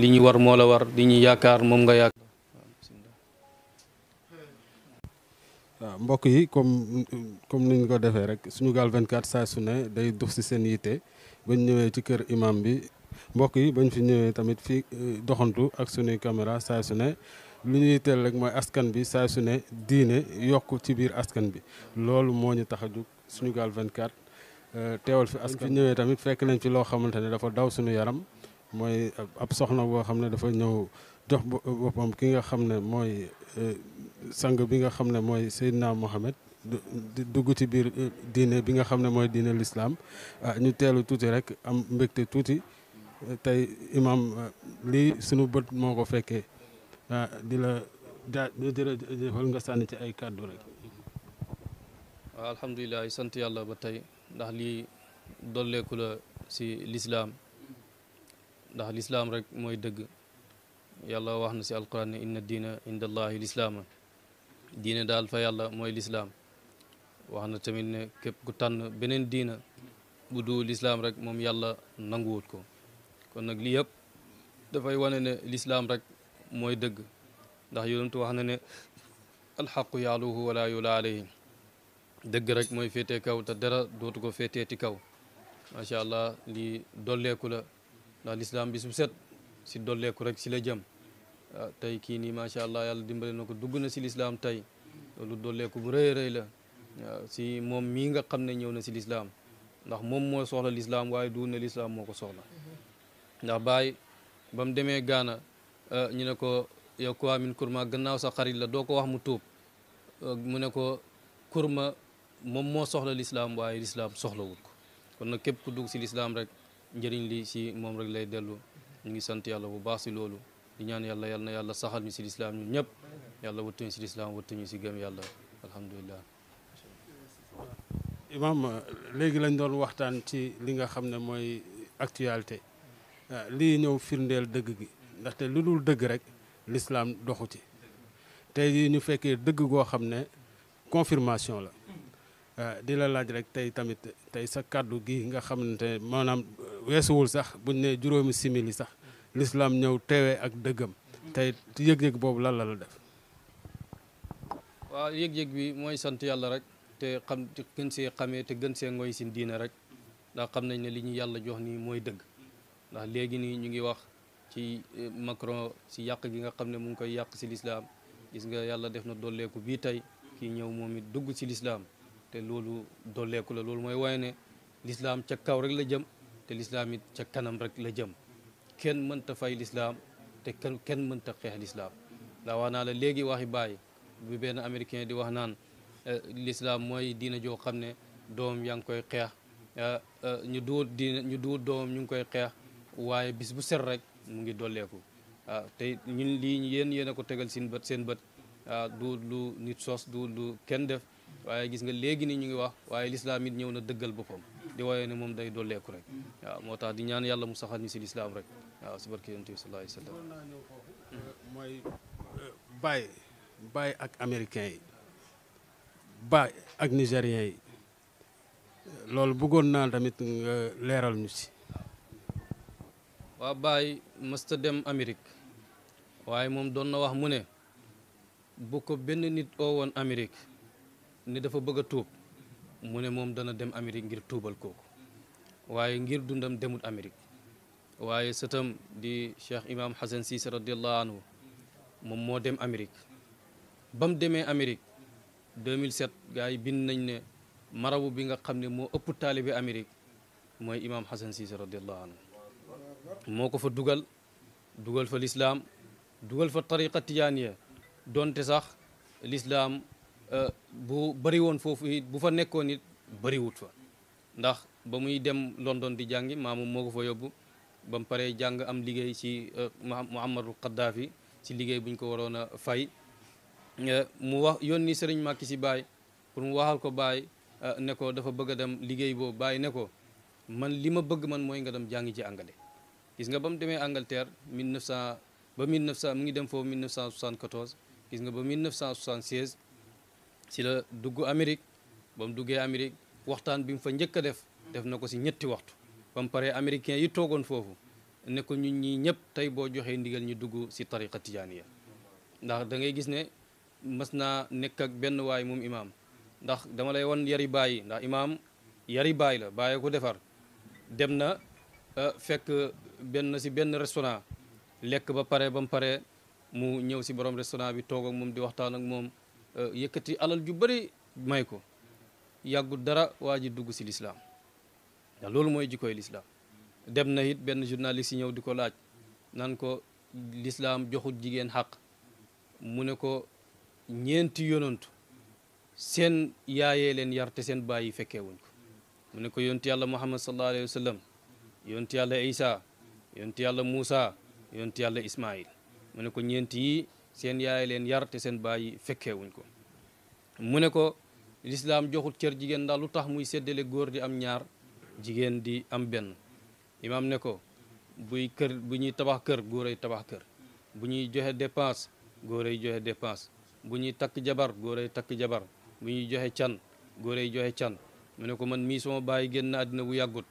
li ñu war moo la war li ñu yaakaar moom nga yaakaar waaw mbokk yi comme comme ni ñu ko defee rek suñu Sunugal 24 saa su ne day dox si seen yitte bañ ñëwee ci kër imam bi mbokk yi bañ fi ñëwee tamit fii eh, doxantu ak sunuy caméra saa su ne lu ñuy teel rek mooy askan bi saa su ne diine yokk ci biir askan bi loolu moo ñu tax a jóg vingt 24 eh, teewal fi askan fi ñëwee tamit fekk nañ fi loo xamante ne dafa daw suñu yaram mooy ab soxna boo xam ne dafa ñëw jox boppam ki nga xam ne mooy e, sang bi nga xam ne mooy Seydina Mohamed dugg ci biir e, diine bi nga xam ne mooy diine lislaam ah, ñu teelu tuuti rek am mbégte tuuti tey imam ah, lii sunu bët moo ko fekkee ah, di la jaa jërëjëfal nga sànni ci ay kàddu rek waaw alhamdulilah sant yàlla ba tey ndax lii dolleeku la si lislaam ndax lislaam rek mooy dëgg yàlla wax na si alquran ne inna diina inda allahi lislaama diine daal fa yàlla mooy lislaam wax na tamit ne képp ku tànn beneen diina bu du lislaam rek moom yàlla nanguwut ko kon nag lii yëpp dafay wane ne lislaam rek mooy dëgg ndax yonentu wax na ne alxaqu yaaluhu wala yula alayhi dëgg rek mooy féetee kaw te dara dootu ko féetee ci kaw macha allah lii dolleeku la ndax lislaam bi su set si dolleeku rek si la jëm ah, tey kii nii macha allah yàlla dimbale na ko dugg na si lislaam tey lu dolleeku bu rëy rëy la ah, si moom mii nga xam ne ñëw na si lislaam ndax moom moo soxla lislaam waaye du ne lislaam moo ko soxla ndax Baye ba demee Gaana ah, ñu ne ko yow kuwaa min kurma gannaaw la doo ko wax mu tuub mu ne ko kurma moom moo soxla lislaam waaye lislaam soxlawul ko kon nag képp ku dugg si lislaam rek njëriñ li si moom rek lay dellu ñu ngi sant yàlla bu baax si loolu di ñaan yàlla yal na yàlla saxal ñu si lislaam ñun ñëpp yàlla wattuñu si lislaam wattuñu si gëm yàlla alhamdulilah imaam léegi lañ doon waxtaan ci li nga xam ne mooy actualité lii ñëw firndeel dëgg gi ndaxte lu dul dëgg rek lislaam doxu ci tey ñu fekkee dëgg goo xam ne confirmation la di laaj rek tey tamit tey sa kàddu gi nga xamante maanaam weesuwul sax bu ñu nee juróomi simili sax lislaam ñëw teewee ak dëggam tey yëg-yëg boobu lan la la def waaw yëg-yëg bi mooy sant yàlla rek te xam te gën see xamee te gën see ngoy sin diine rek ndax xam nañ ne li ñu yàlla jox ni mooy dëgg ndax léegi nii ñu ngi wax ci eh, Macron si yàq gi nga xam ne mu ngi koy yàq si lislaam gis nga yàlla def na dolleeku bii tey kii ñëw moom it dugg si lislaam te loolu dolleeku la loolu mooy waaye ne lislaam ca kaw rek la jëm te lislaam it ca kanam rek la jëm kenn mënta fay lislaam te kenn kenn mënta xeex lislaam daa wax naa la léegi waxi bàyyi bu benn américain di wax naan eh, lislaam mooy diina joo xam ne doom yaa ngi koy xeex eh, eh, ñu duut diina ñu duut doomam ñu ngi koy xeex waaye bis bu set rek mu ngi dolleeku waaw ah, te ñun lii yéen yéen ko tegal seen bët seen bët ah, du lu nit sos du lu kenn def waaye gis nga léegi ni ñu ngi wax waaye lislaam it ñëw na dëggal boppam di waaye ne moom day dolleeku rek waaw moo tax di ñaan yàlla mu saxal ñu si lislaam rek waaw si barke yonent bi sallallahu alayhi wa sallam euh, mooy euh, Baye ak américain yi Baye ak nigérien yi euh, loolu bëggoon naa tamit nga leeral si waa Baye dem Amérique waaye moom doon na wax mu ne bu ko benn nit oo woon Amérique ni dafa bëgg a tuub mu ne moom dana dem Amérique ngir tuubal kooku waaye ngir dundam demut Amérique waaye sëtam di Cheikh Imam Hassan Cissé radiallahu anhu moom moo dem Amérique ba mu demee Amérique 2007 gars yi bind nañ ne marabu bi nga xam ne moo ëpp taalibe Amérique mooy Imam Hassan Cissé radiallahu anhu moo ko fa dugal dugal fa lislaam dugal fa tariqa tijaaniya donte sax lislaam Euh, bu bëri woon foofu it bu fa nekkoon it bëriwut fa ndax ba muy dem London di jàngi maamu moo ko fa yóbbu ba mu paree jàng am liggéey ci euh, Muammarul Qaddaafi ci liggéey buñ ko waroon a fay euh, mu wax yónni Sëriñ Màkki si Baay pour mu waxal ko Baay ne dafa bëgg a dem liggéey boobu bàyyi ne ko man li ma bëgg man mooy nga dem jàngi ci angale gis nga ba mu demee Angleterre 1900 ba 1900 mu ngi dem foofu 1974 gis nga ba si la dugg Amérique ba mu duggee Amérique waxtaan bi mu fa njëkk a def def na ko si ñetti waxtu ba mu paree américain yi toogoon foofu ne ko ñun ñii ñëpp tey boo joxee ndigal ñu dugg si tariqa tijaaniya ndax dangay gis ne mas naa nekk ak benn waay moom imaam ndax dama lay wan yari bàyyi ndax imaam yari baay la bàyyi ko defar dem na euh, fekk benn si benn restaurant lekk ba pare ba mu pare mu ñëw si borom restaurant bi toog ak moom di waxtaan ak moom Euh, yëkkati alal ju bëri may ko yàggut dara waa ji dugg si lislaam ndax loolu mooy jikkoy lislaam dem na it benn journaliste yi ñëw di ko laaj nan ko lislaam joxut jigéen xaq mu ne ko ñeenti yonantu seen yaayee leen yar seen baay yi fekkee wuñ ko mu ne ko yonti yàlla muhammad sallallahu alayhi wa sallam yonti yàlla isa yonti yàlla moussa yonti yàlla ismail mu ne ko ñeenti yi seen yaay leen yar te seen bàyyi fekkeewuñ ko mu ne ko lislaam joxut cër jigéen ndax lu tax muy séddale góor di am ñaar jigéen di am benn imaam ne ko buy kër bu ñuy tabax kër góoray tabax kër bu ñuy joxe góor ay joxe dépense bu ñuy takk jabar góoray takk jabar bu ñuy joxe can góor ay joxe can mu ne ko man mii sama bàyyi génn na àddina bu yàggut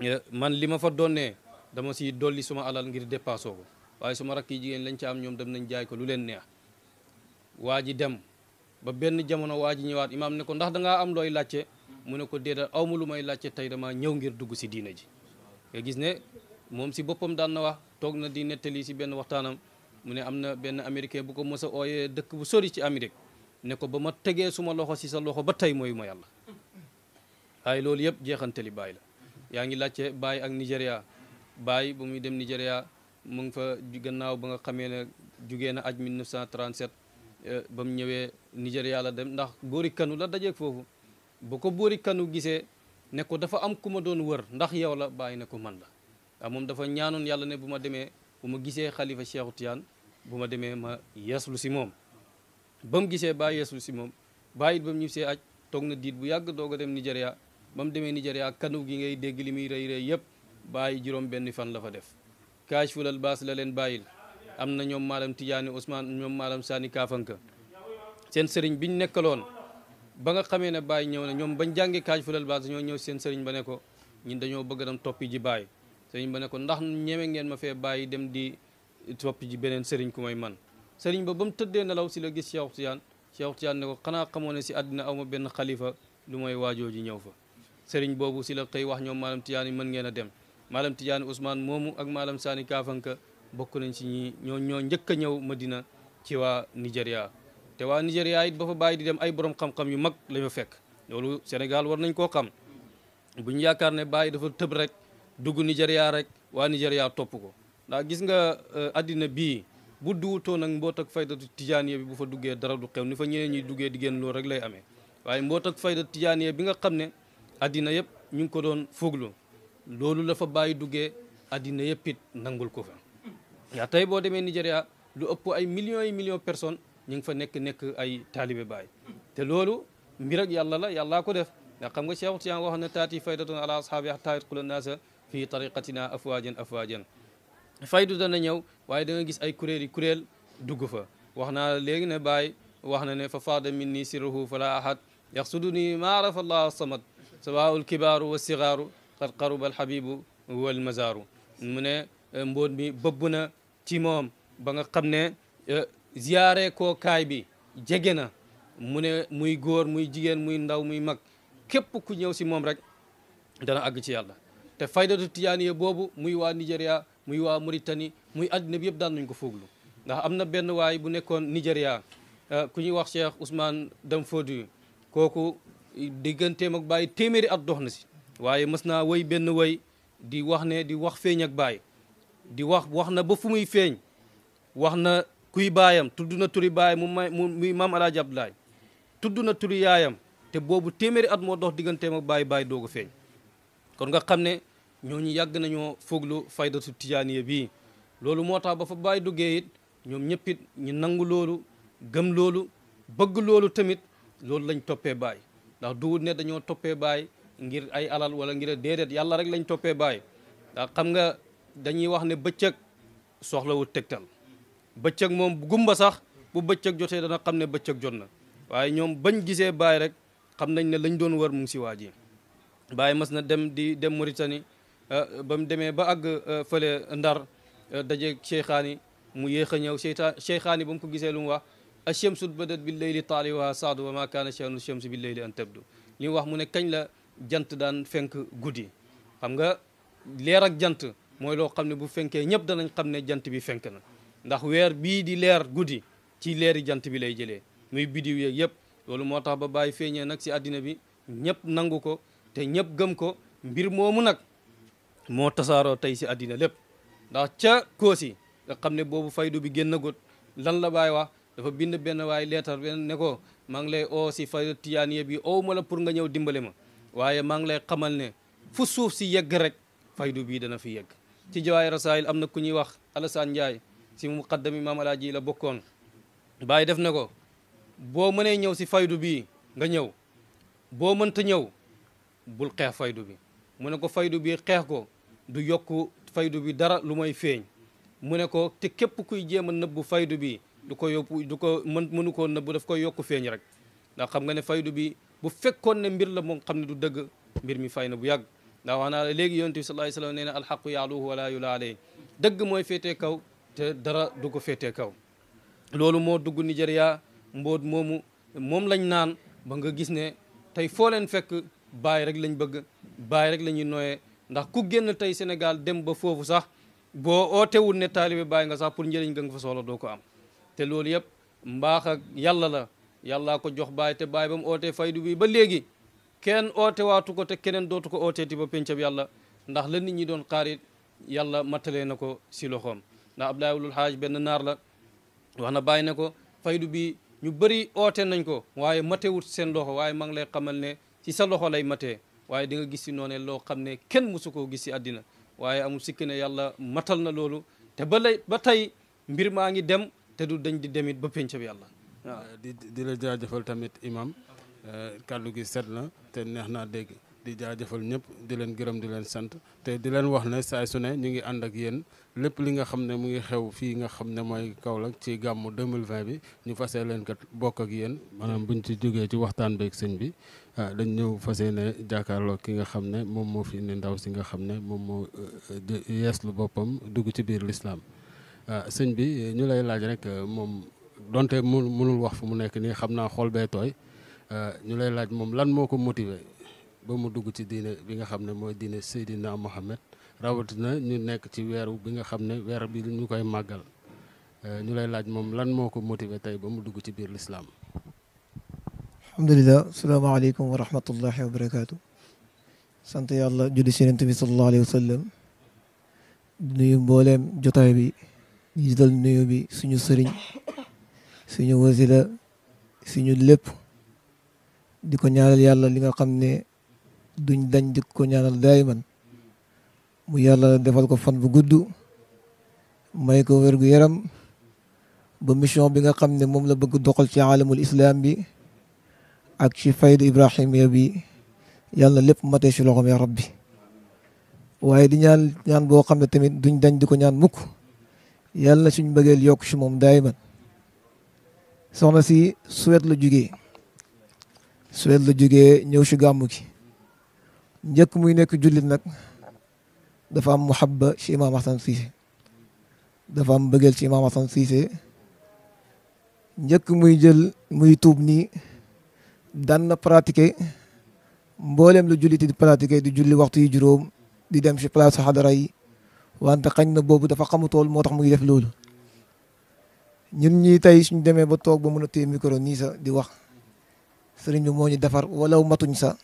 eh, man li ma fa doonee dama si dolli suma alal ngir dépassoo ko waaye suma rakk yi jigéen lañ ci am ñoom dem nañ jaay ko lu leen neex waa ji dem ba benn jamono waa ji ñëwaat imaam ne ko ndax da ngaa am looy laajte mu ne ko déedéet aw ma lu may laajte tey damaa ñëw ngir dugg si diina ji nga gis ne moom si boppam daan na wax toog na di nettali si benn waxtaanam mu ne am na benn américain bu ko mos a ooyee dëkk bu sori ci Amérique ne ko ba ma tegee suma loxo si sa loxo ba tey mooy ma yàlla waaye loolu yëpp jeexantali baay la yaa ngi laajte baay ak Nigéria baay bu dem Nigéria mu ngi fa gannaaw ba nga xamee ne jugee na aj 1937 eh, ba mu ñëwee Nigéria la dem ndax boori kanu la dajeeg foofu bu ko boori kanu gisee ne ko dafa am ku ma doon wër ndax yow la bàyyi ne ko man la waaw ah, moom dafa ñaanoon yàlla ne bu ma demee bu ma gisee xalifa Cheikhu Tiyaan bu ma demee ma yeeslu si moom ba mu gisee baa yeeslu si moom bàyyi it ba mu ñib see aj toog na diit bu yàgg doog a dem Nigéria ba mu demee Nigéria kanu gi ngay dégg li muy rëy rëy yëpp bàyyi juróom fan la fa def kaashiful albaas la leen bàyyil am na ñoom maalam Tijaani Ousmane ñoom maalam Sani Kaafanka seen sëriñ bi ñu nekkaloon ba nga xamee ne Baye ñëw na ñoom bañ jàngee kaashiful albaas ñoo ñëw seen sëriñ ba ne ko ñun dañoo bëgg dem toppi ji Baye sëriñ ba ne ko ndax ñeme ngeen ma fee bàyyi dem di toppi ji beneen sëriñ ku may man sëriñ ba ba mu tëddee nelaw si la gis Cheikh Tiyaan Cheikh Tiyaan ne ko xanaa xamoo ne si àddina aw ma benn xalifa lu mooy waajoo ji ñëw fa sëriñ boobu si la xëy wax ñoom maalam Tijaani mën ngeen a dem maalam Tidiane Ousmane moomu ak maalam Sani Kaafanka bokk nañ si ñi ñoo ñoo njëkk a ñëw Madina ci waa Nigéria te waa Nigéria it ba fa bàyyi di dem ay borom xam-xam yu mag la fekk loolu Sénégal war nañ koo xam bu ñu yaakaar ne bàyyi dafa tëb rek dugg Nigéria rek waa Nigéria topp ko ndax gis nga addina euh, bii bu duwutoon ak mboot ak faydatu tijaaniya bi bu fa duggee dara du xew ni fa ñeneen ñuy duggee diggéen loolu rek lay amee waaye mboot ak faydatu tijaaniya bi nga xam ne addina yëpp ñu ngi ko doon fooglu loolu la fa bàyyi duggee addina yëpp it nangul ko fa yaa tey boo demee Nigéria lu ëpp ay million yi millions personnes ñu ngi fa nekk nekk ay taalibe baay te loolu mbir ak yàlla la yàllaa ko def ndax xam nga Cheikh Tiyaan wax na taati faydatun ala ashaabi hatta yadxula naasa fii tariqatina afwaajan afwaajan faydu dana ñëw waaye da gis ay kuréel yi kuréel dugg fa wax naa léegi ne baay wax na ne fa faada ni sirruhu fala ahad yaxsudu ni maarafa allah qad qaruba alhabibu wal mazaaru mu ne e, mboot mi bëbb na ci moom ba nga xam ne e, ziyaare koo kaay bi jege na mu ne muy góor muy jigéen muy ndaw muy mag képp ku ñëw si moom rek dana àgg ci yàlla te faydatu tijaaniya boobu muy waa Nigéria muy waa Mauritanie muy àddina bi yëpp daan nañ ko fooglu ndax am na benn waay bu nekkoon Nigéria e, ku ñuy wax Cheikh Ousmane Dam foodu kooku digganteem ak bàyyi téeméeri at dox si waaye mës naa woy benn woy di wax ne di wax feeñ ak baay di wax wax na ba fu muy feeñ wax na kuy baayam tudd na turi baay mu may mu muy maam alaaji Abdoulaye tudd na turi yaayam te boobu téeméeri at moo dox digganteem ak baay baay doog a feeñ kon nga xam ne ñooñu yàgg nañoo fooglu faydatu tijaaniya bii loolu moo tax ba fa baay duggee it ñoom ñëpp it ñu nangu loolu gëm loolu bëgg loolu tamit loolu lañ toppee baay ndax duwut ne dañoo toppee baay ngir ay alal wala ngir déedéet yàlla rek lañ toppee bàyyi ndax xam nga dañuy wax ne bëccëg soxlawul tegtal bëccëg moom gumba sax bu bëccëg jotee dana xam ne bëccëg jot na waaye ñoom bañ gisee bàyyi rek xam nañ ne lañ doon war mu ngi si waa ji bàyyi mas na dem di dem Mauritanie euh, ba mu demee ba àgg euh, fële Ndar euh, dajeeg Cheikhaani mu yéex a ñëw Cheikha Cheikhaani ba mu ko gisee lu mu wax achamsu badat bi leyli taaliwaha saadu wa ma kaana chanu chamsi bi leyli an tabdu li mu wax jant daan fenk guddi xam nga leer ak jant mooy loo xam ne bu fenkee ñëpp danañ xam ne jant bi fenk na ndax weer bii di leer guddi ci leeri jant bi lay jëlee muy bidiw yeeg yëpp loolu moo tax ba bàyyi feeñee nag si àddina bi ñëpp nangu ko te ñëpp gëm ko mbir moomu nag moo tasaaroo tey si àddina lépp ndax ca koosi nga xam ne boobu faydu bi génn gut lan la baay wax dafa bind benn waay leetar benn ne ko maa ngi lay oo si faydu tiyaaniya bi ow ma la pour nga ñëw dimbale ma waaye maa ngi lay xamal ne fu suuf si yegg rek faydu bii dana fi yegg ci jawaay rasaayil am na ku ñuy wax Alassane Ndiaye si muqaddami maam alaaji la bokkoon bàyyi def na ko boo mënee ñëw si faydu bii nga ñëw boo mënta ñëw bul xeex faydu bi mu ne ko faydu bi xeex ko du yokk faydu bi dara lu may feeñ mu ne ko te képp kuy jéem a nëbbu faydu bi du ko yóbbu du ko mën mënu koo nëbbu daf koy yokku feeñ rek ndax xam nga ne faydu bi bu fekkoon ne mbir la moom xam ne du dëgg mbir mi fay na bu yàgg ndax wax naa la léegi yonent bi sallallahu alayhi wasallam nee na alxaqu yaaluhu wala yula dëgg mooy féetee kaw te dara du ko féetee kaw loolu moo dugg Nigéria mboot moomu moom lañ naan ba nga gis ne tey foo leen fekk bàyyi rek lañ bëgg bàyyi rek lañuy ñuy nooyee ndax ku génn tey Sénégal dem ba foofu sax boo ootewul ne taalibe bàyyi nga sax pour njëriñ nga nga fa soxla doo ko am te loolu yëpp mbaax yàlla la yàllaa ko jox baay te baay ba mu ootee faydu bi ba léegi kenn oote waatu ko te keneen dootu ko ti ba pencab yàlla ndax la nit ñi doon xaarit yàlla mattalee na ko si loxo am ndax Abdoulaye Wulul Haaj benn naar la wax na bàyyi ne ko faydu bi ñu bëri oote nañ ko waaye matewut seen loxo waaye mang lay xamal ne ci sa loxo lay mate waaye di nga gis si noonu loo xam ne kenn mosu koo gis si àddina waaye amul sikki ne yàlla matal na loolu te ba lay ba tey mbir maa ngi dem te du dañ di demit ba pencab yàlla Euh, di di la jaajëfal tamit imam euh, kàddu gi set na te neex naa dégg di jaajëfal ñëpp di leen gërëm di leen sant te di leen wax ne saay su ne ñu ngi ànd ak yéen lépp li nga xam ne mu ngi xew fii nga xam ne mooy Kaolack ci gàmmu 2020 bi ñu fasee leen kat bokk ak yéen maanaam buñ ci jógee ci waxtaan beeg sëñ bi ah, dañ ñëw fasee ne jàkkaarloo ki nga xam ne moom moo fi indi ndaw si nga xam ne moom moo euh, yeeslu boppam dugg ci biir lislaam ah, sëñ bi ñu lay laaj rek moom donte mu mënul wax fu mu nekk nii xam naa xol bee tooy euh, ñu lay laaj moom lan moo ko motiver ba mu dugg ci diine bi nga xam ne mooy diine Seydina Mohamed rawatina ñu nekk ci weeru bi nga xam ne weer bi ñu koy màggal euh, ñu lay laaj moom lan moo ko motiver tey ba mu dugg ci biir lislaam alhamdulilah salaamaaleykum wa rahmatullahi wa barakaatu sant yàlla julli si Yonent bi sallallahu alayhi wa sallam nuyu mbooleem jotaay bi ñu dal nuyu bi suñu sëriñ suñu wasila suñu lépp di ko ñaanal yàlla li nga xam ne duñ dañ di ko ñaanal dayman mu yàlla defal ko fan bu gudd may ko wérgu yaram ba mission bi nga xam ne moom la bëgg doxal ci alamul islam bi ak ci faydu ibrahimiya bi yàlla lépp mate si loxoom ya rabbi waaye di ñaan ñaan boo xam ne tamit duñ dañ di ko ñaan mukk yàlla suñ bëggeel yokk ci moom dayman soxna si Suède la jugee Suède la jugee ñëw si gàmmu ki njëkk muy nekk jullit nag dafa am muhabba ci imaam Hassan Cissé dafa am bëggeel ci imaam Hassan Cissé njëkk muy jël muy tuub nii daan na pratiquer mboolem la jullit di pratiquer di julli waxtu yi juróom di dem si place xadara yi wante xañ na boobu dafa tool moo tax muy def loolu ñun ñii tey suñ demee ba toog ba mën a téye micro nii sa di wax sëriñ bi moo ñu defar walaw matuñ sa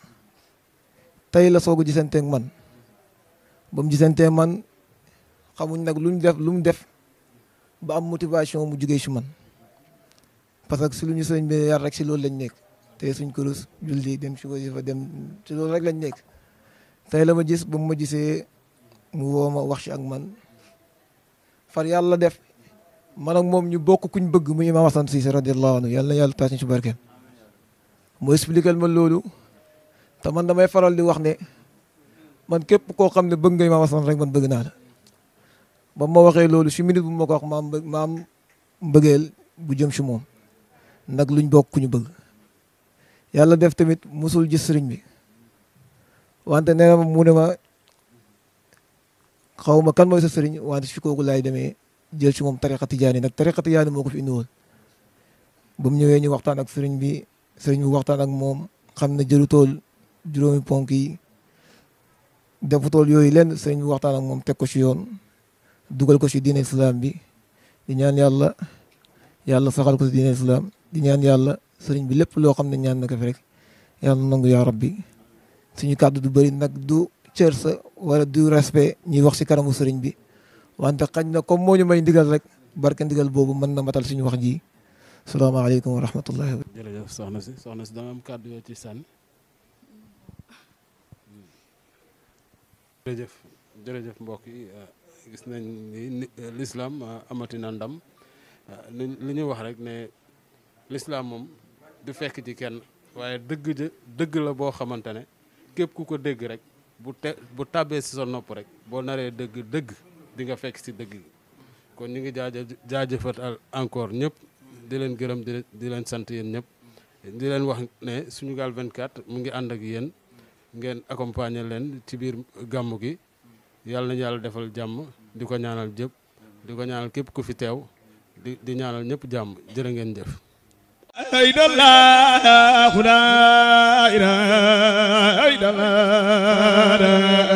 tey la soog a man ba mu gisantee man xamuñ nag luñ def lu mu def ba am motivation mu jugee si man parce que su lu ñu sëriñ bi yar rek si loolu lañ nekk tey suñ kurus julli dem si wasifa dem si loolu rek lañ nekk tey la ma gis ba mu ma gisee mu woo ma wax si ak man far yàlla def mana moom ñu bokk kuñ bëgg mu imaam Hassan Cissé radiyallahu anhu yàlla na yàlla taas ñu ci barkeel mu expliqué ma loolu te man damay faral di wax ne man képp koo xam ne bëgg nga imaam Hassan rek man bëgg naa la ba waxee loolu si minute bu ma ko wax maam maam mbëggeel bu jëm si moom nag luñ bokk ku bëgg yàlla def tamit musul ji sëriñ bi wante nee na mu ma xaw ma kan mooy sa sëriñ wante si kooku laay demee jël si moom tariqa tijaani nag tariqa tijaani moo ko fi indiwoon ba mu ñëwee ñu waxtaan ak sëriñ bi sëriñ bi waxtaan ak moom xam na jëlu tool juróomi ponk yi defu tool yooyu lenn sëriñ bi waxtaan ak moom teg ko ci yoon dugal ko ci diine islam bi di ñaan yàlla yàlla saxal ko ci diine islam di ñaan yàlla sëriñ bi lépp loo xam ne ñaan na ko fi rek yàlla nangu yaa rabbi suñu kàddu du bëri nag du cër sa wala du respe ñuy wax ci kanamu sëriñ bi wante xaj na comme moo ñu may ndigal rek barke ndigal boobu mën na matal suñu wax ji salaamaaleykum wa rahmatullahi wa jërëjëf soxna si soxna si danga am kàddu yoo ci sànni jërëjëf mbokk yi ah, gis nañ ni ah, ah, amati na ndam li ñu wax rek ne l'islam moom du fekk ci kenn waaye dëgg dëgg la boo xamante ne képp ku ko dégg rek bu te bu tàbbee si sa nopp rek boo naree dëgg dëgg di nga fekk si dëgg gi kon ñu ngi jaaja jaajëfatal encore ñëpp di leen gërëm di di leen sant yéen ñëpp di leen wax ne Sunugal 24 mu ngi ànd ak yéen ngeen accompagner leen ci biir gàmmu gi yàlla nañu yàlla defal jàmm di ko ñaanal jëp di ko ñaanal képp ku fi teew di di ñaanal ñëpp jàmm jërë ngeen jëf